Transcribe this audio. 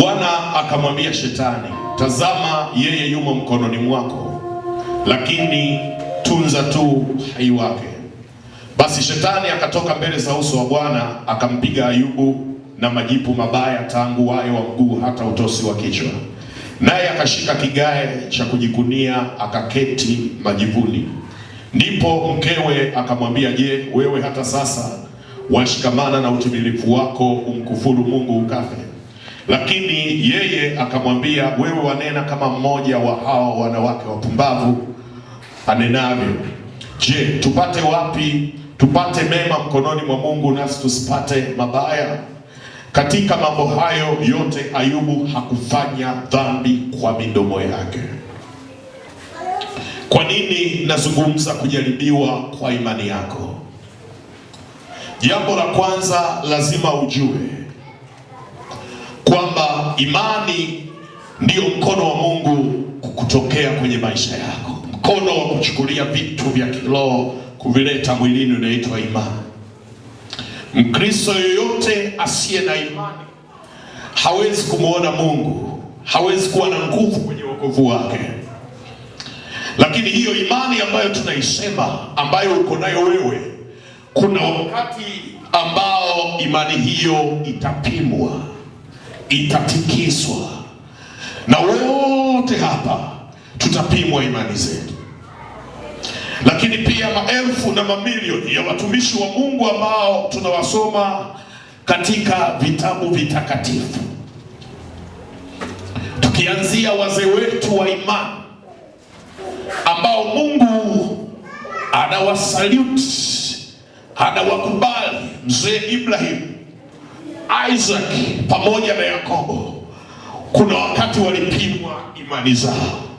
Bwana akamwambia Shetani, tazama, yeye yumo mkononi mwako, lakini tunza tu uhai wake. Basi Shetani akatoka mbele za uso wa Bwana, akampiga Ayubu na majipu mabaya tangu wayo wa mguu hata utosi wa kichwa, naye akashika kigae cha kujikunia akaketi majivuni. Ndipo mkewe akamwambia, je, wewe hata sasa washikamana na utimilifu wako umkufuru Mungu ukafe? Lakini yeye akamwambia, wewe wanena kama mmoja wa hawa wanawake wapumbavu anenavyo. Je, tupate wapi tupate mema mkononi mwa Mungu nasi tusipate mabaya? Katika mambo hayo yote Ayubu hakufanya dhambi kwa midomo yake. Kwa nini nazungumza kujaribiwa kwa imani yako? Jambo la kwanza lazima ujue imani ndiyo mkono wa Mungu kukutokea kwenye maisha yako, mkono wa kuchukulia vitu vya kiroho kuvileta mwilini unaitwa imani. Mkristo yoyote asiye na imani hawezi kumwona Mungu, hawezi kuwa na nguvu kwenye wokovu wake. Lakini hiyo imani ambayo tunaisema, ambayo uko nayo wewe, kuna wakati ambao imani hiyo itapimwa itatikiswa, na wote hapa tutapimwa imani zetu. Lakini pia maelfu na mamilioni ya watumishi wa Mungu ambao tunawasoma katika vitabu vitakatifu, tukianzia wazee wetu wa imani ambao Mungu anawasaluti, anawakubali. Mzee Ibrahim Isaac pamoja na Yakobo, kuna wakati walipimwa imani zao.